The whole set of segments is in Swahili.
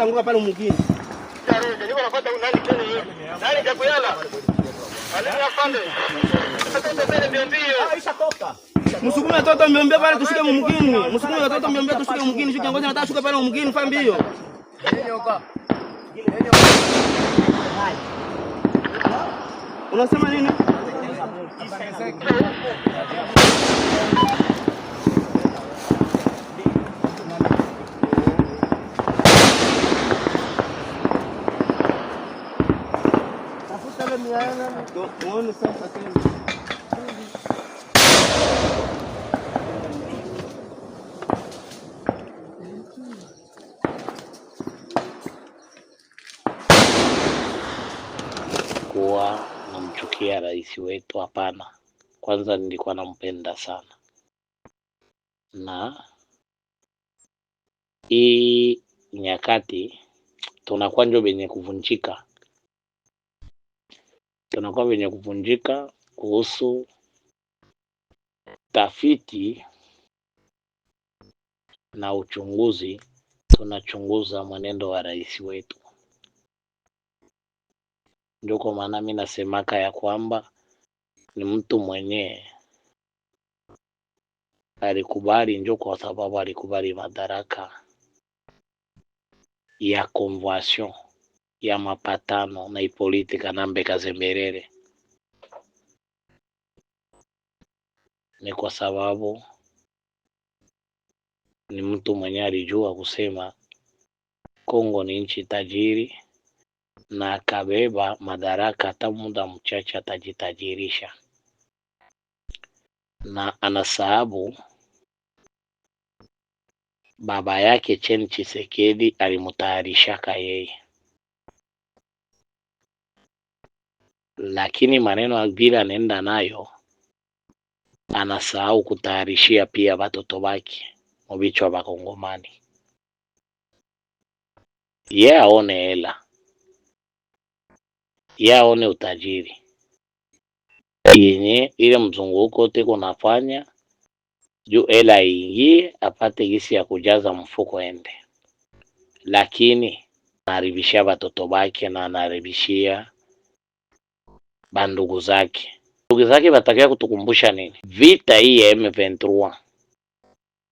ataanguka pale mwingine. Msukume watoto mbiombio pale tushike mwingine. Msukume watoto mbiombio tushike mwingine. Shuka ngoja nataka shuka pale mwingine fa mbio. Unasema nini? Kuwa namchukia rais wetu? Hapana. Kwanza nilikuwa nampenda sana, na hii nyakati tunakuwa njo benye kuvunjika tunakuwa venye kuvunjika kuhusu tafiti na uchunguzi. Tunachunguza mwenendo wa rais wetu, ndio kwa maana mi nasemaka ya kwamba ni mtu mwenyewe alikubali, njo kwa sababu alikubali madaraka ya conversion ya mapatano na ipolitika Kanambe Kazemberere ni kwa sababu ni mtu mwenye alijua kusema Kongo ni nchi tajiri na akabeba madaraka hata muda mchache atajitajirisha, na anasahabu baba yake Chen Chisekedi alimtayarishaka yeye lakini maneno vile anaenda nayo anasahau kutayarishia pia batoto bake mubichwa bakongomani ye yeah, aone hela ye yeah, aone utajiri yenye ile mzunguko yote kunafanya juu hela ingie apate gisi ya kujaza mfuko ende, lakini anaharibishia batoto bake na anaharibishia bandugu zake. Ndugu zake batakia kutukumbusha nini? Vita hii ya M23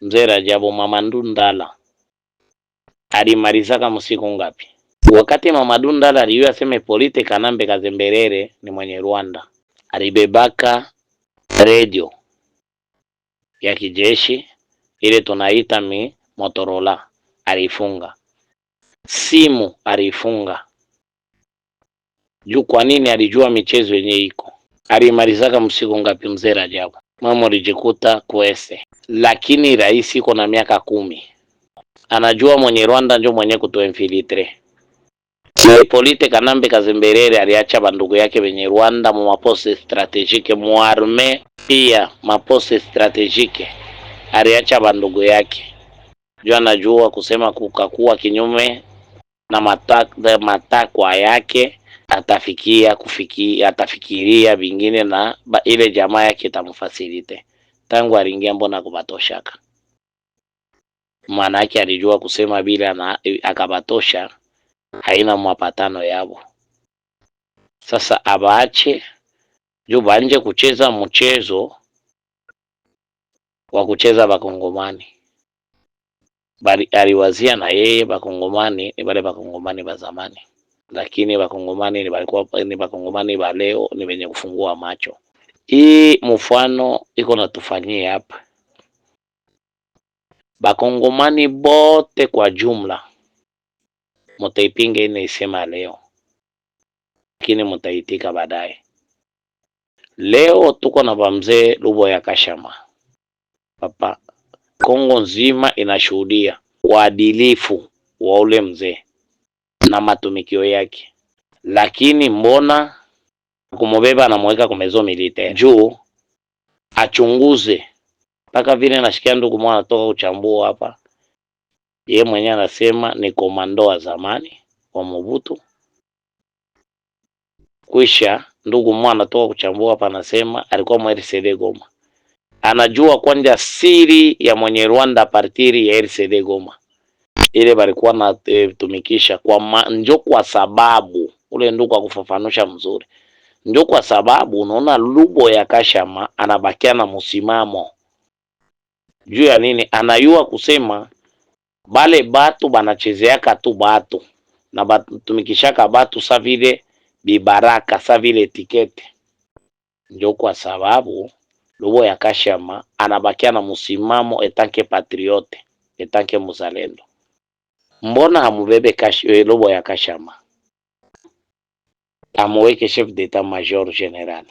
mzee Rajabu Mamadu Ndala alimaliza kama ngapi? Wakati Mamadu Ndala aliyo aseme Polite Kanambe Kazemberere ni mwenye Rwanda, alibebaka redio ya kijeshi ile tunaita mi Motorola alifunga, simu alifunga juu kwa nini alijua michezo yenye iko alimalizaka msiku ngapi mzee Rajabu mama alijikuta kuese, lakini rais iko na miaka kumi anajua mwenye Rwanda njo mwenye kutuinfiltre polite Kanambe Kazimberere aliacha bandugu yake wenye Rwanda mu maposte strategike mu arme pia maposte strategike aliacha bandugu yake juu anajua kusema kukakuwa kinyume na matakwa mata yake atafikia kufiki, atafikiria vingine na ba, ile jamaa yake itamfasilite. Tangu aliingia mbona kubatoshaka Maana yake alijua kusema bila na akabatosha, haina mapatano yabo. Sasa abaache juu banje kucheza mchezo wa kucheza bakongomani, bali aliwazia na yeye bakongomani ni bale bakongomani ba zamani lakini Wakongomani ni walikuwa ni Wakongomani wa leo ni wenye kufungua macho. Hii mfano iko natufanyia hapa Bakongomani bote kwa jumla, mutaipinga ine isema leo, lakini mutaitika baadaye. Leo tuko na vamzee Lubo ya Kashama papa Kongo nzima inashuhudia waadilifu wa ule mzee na matumikio yake, lakini mbona kumubeba anamuweka kumezo milite juu achunguze mpaka vile nashikia ndugu mwana toka kuchambua hapa, ye mwenyewe anasema ni komando wa zamani wa Mobutu. Kwisha ndugu mwana toka kuchambua hapa, anasema alikuwa mwa RCD Goma, anajua kwanja siri ya mwenye Rwanda partiri ya RCD Goma ile balikuwa natumikisha kwa njo kwa sababu ule ndugu akufafanusha kufafanusha mzuri, njo kwa sababu unaona Lubo ya Kashama anabakia na msimamo juu ya nini, anayua kusema bale batu banachezeaka tu batu na batumikishaka batu sa vile bibaraka sa vile tikete. Njo kwa sababu Lubo ya Kashama anabakia na msimamo etanke patriote etanke muzalendo mbona hamubebe eh, robo ya Kashama amuweke chef d'etat major general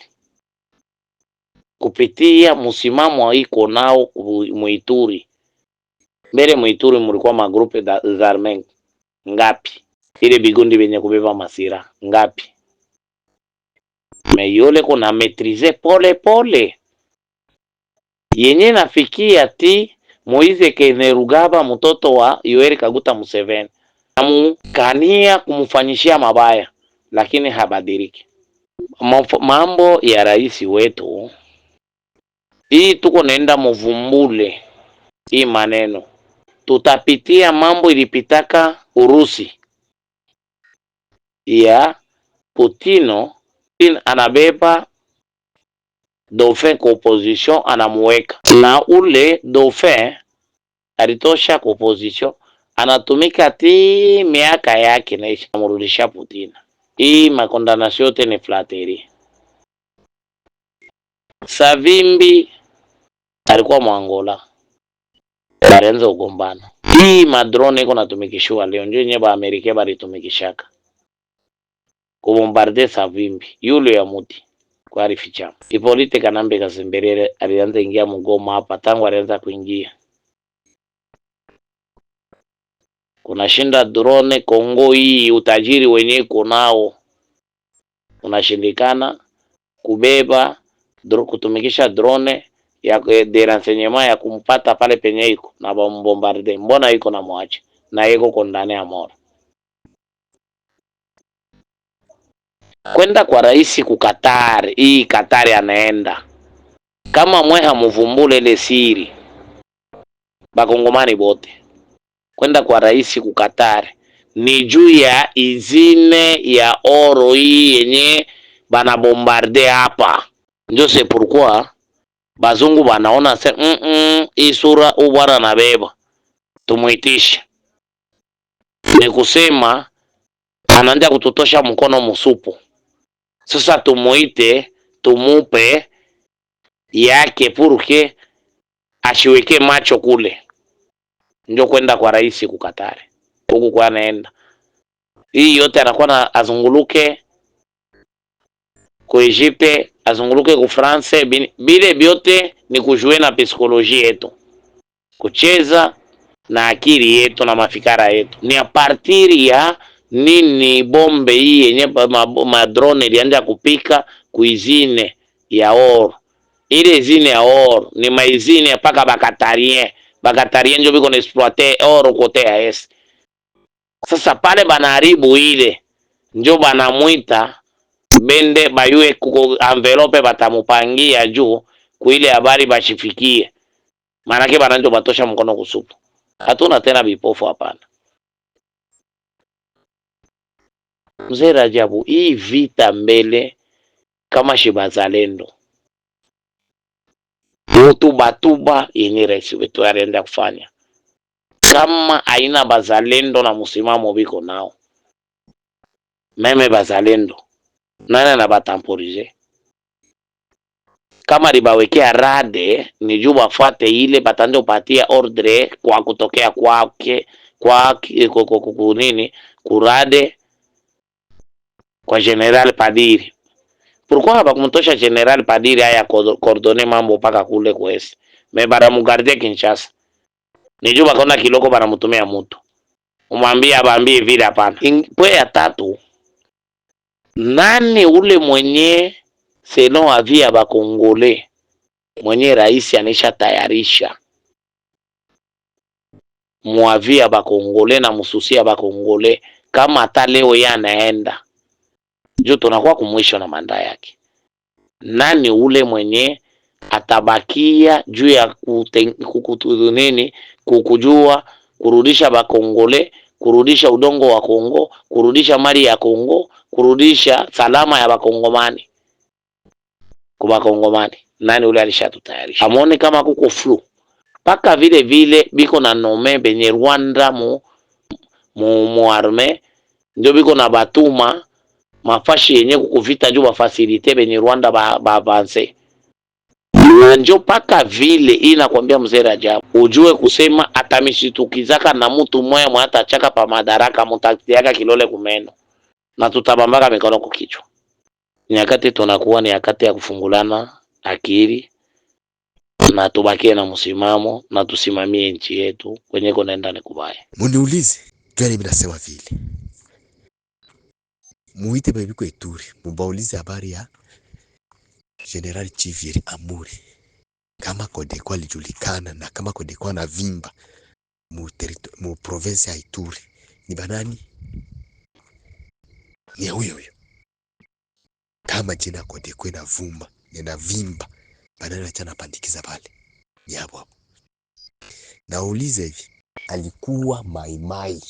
kupitia msimamo iko nao Muituri. Mbele Muituri mulikuwa magrupe za arme ngapi? ile bigundi benye kubeba masira ngapi? meyole kuna metrize pole pole yenye nafikia ti Moise Kenerugaba mtoto wa Yoweri Kaguta Museveni namukania kumfanyishia mabaya, lakini habadiriki. Mambo ya rais wetu hii, tuko naenda muvumbule hii maneno, tutapitia mambo ilipitaka Urusi ya Putino. Putin anabeba dauphin composition anamuweka, na ule dauphin alitosha composition, anatumika ti miaka yake naisha, amrudisha Putina. Hii makondanasio yote ni flateri. Savimbi alikuwa Mwangola, alianza ugombana. Hii madrone iko natumikishiwa leo njo yenye baamerika balitumikishaka kubombarde Savimbi yule ya muti kuarificha. Ipolite Kanambe Kasemberere alianza ingia mgomo hapa, tangu alianza kuingia kunashinda drone Kongo hii, utajiri wenye kunao unashindikana kubeba dro, kutumikisha drone ya de ya kumpata pale penye iko na bombombarde, mbona iko na mwache na iko kondane ya moro kwenda kwa rais kukatari hii Katari anaenda kama mwe hamuvumbule ile siri, bakongomani bote kwenda kwa rais kukatari ni juu ya izine ya oro hii yenye bana bombarde hapa, njo se pourquoi bazungu banaona se mm -mm, isura ubwana na beba tumwitishe, ni kusema anaanza kututosha mkono musupu sasa tumuite tumupe yake purke ashiweke macho kule, ndio kwenda kwa rais kukatare huku kwa anaenda hii yote anakuwa na azunguluke ku Egypte azunguluke ku France, bile byote ni kujue na psikoloji yetu, kucheza na akili yetu na mafikara yetu ni a partiri ya nini bombe hii yenye madrone ilianza kupika kuizine ya or ile izine ya or ni maizine paka bakatarie bakatarie njo biko na exploite or kote ya es. Sasa pale banaharibu ile, njo banamwita bende bayue kuko envelope batamupangia juu kuile habari bashifikie, maanake bananjo batosha mkono kusupu. Hatuna tena bipofu, hapana. Mzee Rajabu, hii vita mbele kama shibazalendo mutubatuba yenye rais wetu alienda kufanya kama aina bazalendo na musimamo biko nao meme bazalendo nana na batamporize kama libawekea rade ni juu bafuate ile batande upatia ordre kwa kutokea kwake kwa nini kurade kwa General Padiri. Pourquoi kumtosha General Padiri haya kordone mambo paka kule kwesi me baramugarde Kinshasa niju bakaona kiloko mutumia mutu umwambie abambie vile hapana. Pwe ya tatu nani ule mwenye seno avia bakongole mwenye rais anisha tayarisha muavia bakongole na mususia bakongole kama hata leo yanaenda juu tunakuwa kumwisho na manda yake. Nani ule mwenye atabakia juu ya nini, kukujua kurudisha bakongole kurudisha udongo wa Kongo kurudisha mali ya Kongo kurudisha salama ya bakongomani bakongomani? Nani ule alishatutayarisha amone kama kuko flu mpaka vile vile biko na nome benye Rwanda mu, mu, mu arme ndio biko na batuma mafashi yenye kukuvita juu bafasilite benye Rwanda baavanse ba nanjo paka vile ii nakwambia mzee Rajabu, ujue kusema atamishitukizaka na mtu mwaya mwaya atachaka pa madaraka mutatiaka kilole kumeno na tutabambaka mikono kukichwa. Nyakati tunakuwa ni nyakati ya kufungulana akili na tubakie na msimamo na tusimamie nchi yetu kwenye kunaenda ni kubaya. Muniulize jwani binasema vile muite Bebiko Ituri mubaulize habari ya General Chivieri Amuri, kama Kodeko alijulikana na kama Kodeko na vimba mu, mu province ya Ituri ni banani? Ni huyo huyo. Kama jina Kodeko na vumba na vimba banani, acha napandikiza pale, ni hapo hapo. Naulize hivi, alikuwa maimai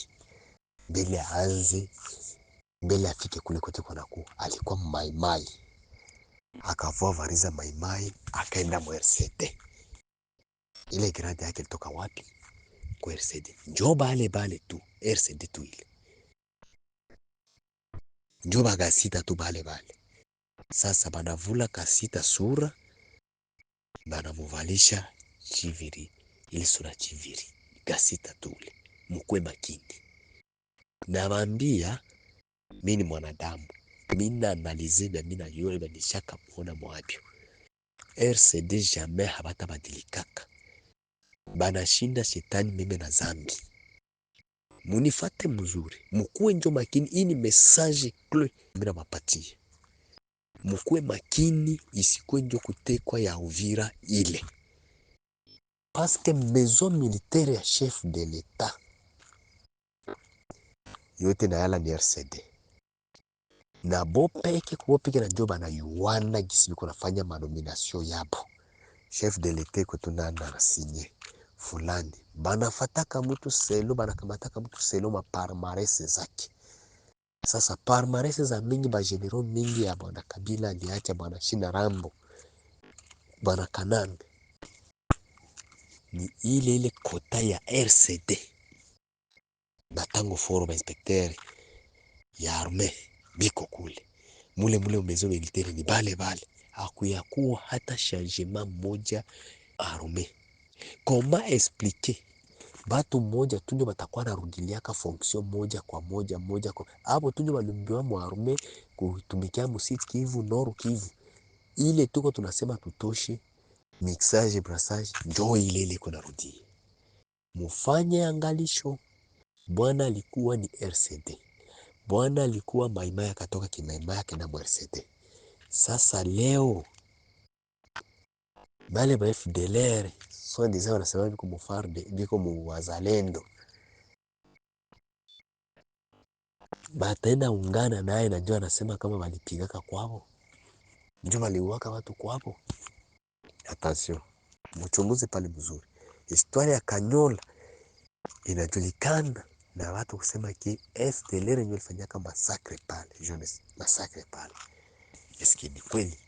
mbele aanze mbele afike kule kwetu Konaku alikuwa Maimai, akavua vari za Maimai akaenda MRCD. Ile grade yake ilitoka wapi? Kwa RCD, njoo bale bale tu RCD tu, ile njo bakasita tu bale bale. Sasa banavula kasita sura banamuvalisha chiviri, ili sura chiviri kasita tu, ile mkwe makindi nabambia mi ni mwanadamu, mina analizida, mina yule nishaka mwabyo RCD jamee habatabadilikaka, banashinda shetani meme na zambi. Munifate mzuri, mukuwe njo makini. ini ni message clé mina bapatie, mukuwe makini, isikuwe njo kutekwa ya Uvira ile paske maison militaire ya chef de l'etat yote na yala ni RCD na bo peke kubopiga na ndio banayuwana gisi biko nafanya manominasio yabo chef de lete kwetu nanarasinye fulani banafataka mtu selo, banakamataka mtu selo maparmarese zake. Sasa parmarese za mingi bajenero mingi ya bwana Kabila aliacha bwana Shina Rambo, bwana Kananga ni ile ile kota ya RCD na tango foro ba ya arme biko kule mule mule umezo militeri ni bale bale, akuyakuwa hata shanjema moja arume koma explique batu moja tunyo batakuwa na narudiliaka fonction moja kwa moja moja kwa hapo tunyo balumbiwa mwarume kutumikia musit Kivu Noru Kivu, ile tuko tunasema tutoshe mixage brassage, njo ile ile kuna rudi mufanye angalisho. Bwana alikuwa ni RCD Bwana alikuwa maimaya akatoka Kimaimai akaenda Mwarsete. Sasa leo bale ba FDLR so ndize wanasema viko mufarde viko muwazalendo, batenda ungana naye. Najua anasema kama walipigaka kwao ndio waliuaka watu kwao. Attention, mchunguzi pale mzuri, historia ya Kanyola inajulikana na watu kusema ki Estelera ndio ilifanyaka masakre pale Jones, masakre pale eske ni kweli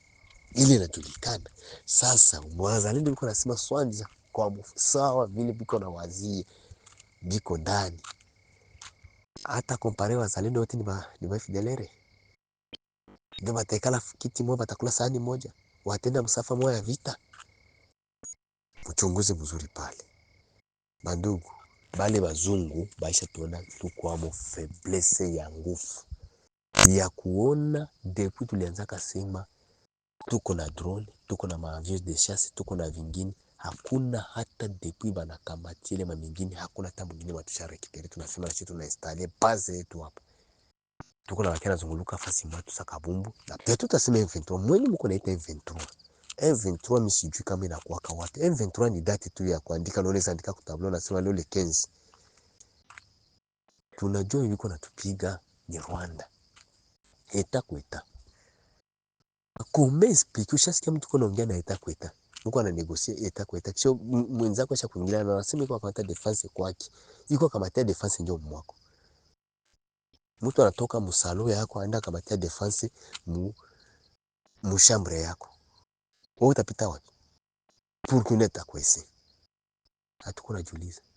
ili inajulikana. Sasa wazalendo biko nasema swanja kwa sawa vile biko na wazie biko ndani, hata kompare wazalendo wote ni ba FDLR ndio batekala kiti moja, batakula sahani moja, watenda msafa moja ya vita. Mchunguze mzuri pale, bandugu bale bazungu baisha tuona tuko amo feblese ya nguvu ya kuona. Depuis tulianza kasema tuko na drone, tuko na maavion de chasse, tuko na vingine, hakuna hata depuis bana banakamati ile mamingine, hakuna hata mwingine watusharekitere. Tunasema na sisi tunainstalle base yetu hapa, tuko na wakina zunguluka fasi mwa tusakabumbu na pia tutasema M23 mweni mko naita 23 M23 mimi sijui kama inakuwa kwa watu. M23 ni date tu ya kuandika, na unaweza andika kwa na sema leo le 15. Tunajua yuko natupiga ni Rwanda. Eta kweta. Kumbe speak ushasikia mtu kuna ongea na eta kweta. Mko ana negotiate eta kweta. Kisha mwenzako acha kuingilia na nasema kwa kama defense kwake. Yuko kama defense ndio mwako. Mtu anatoka musalo yako aenda kama defense mu mushambre yako wewe utapita wapi? Pour connaître ta Atakuwa anajiuliza.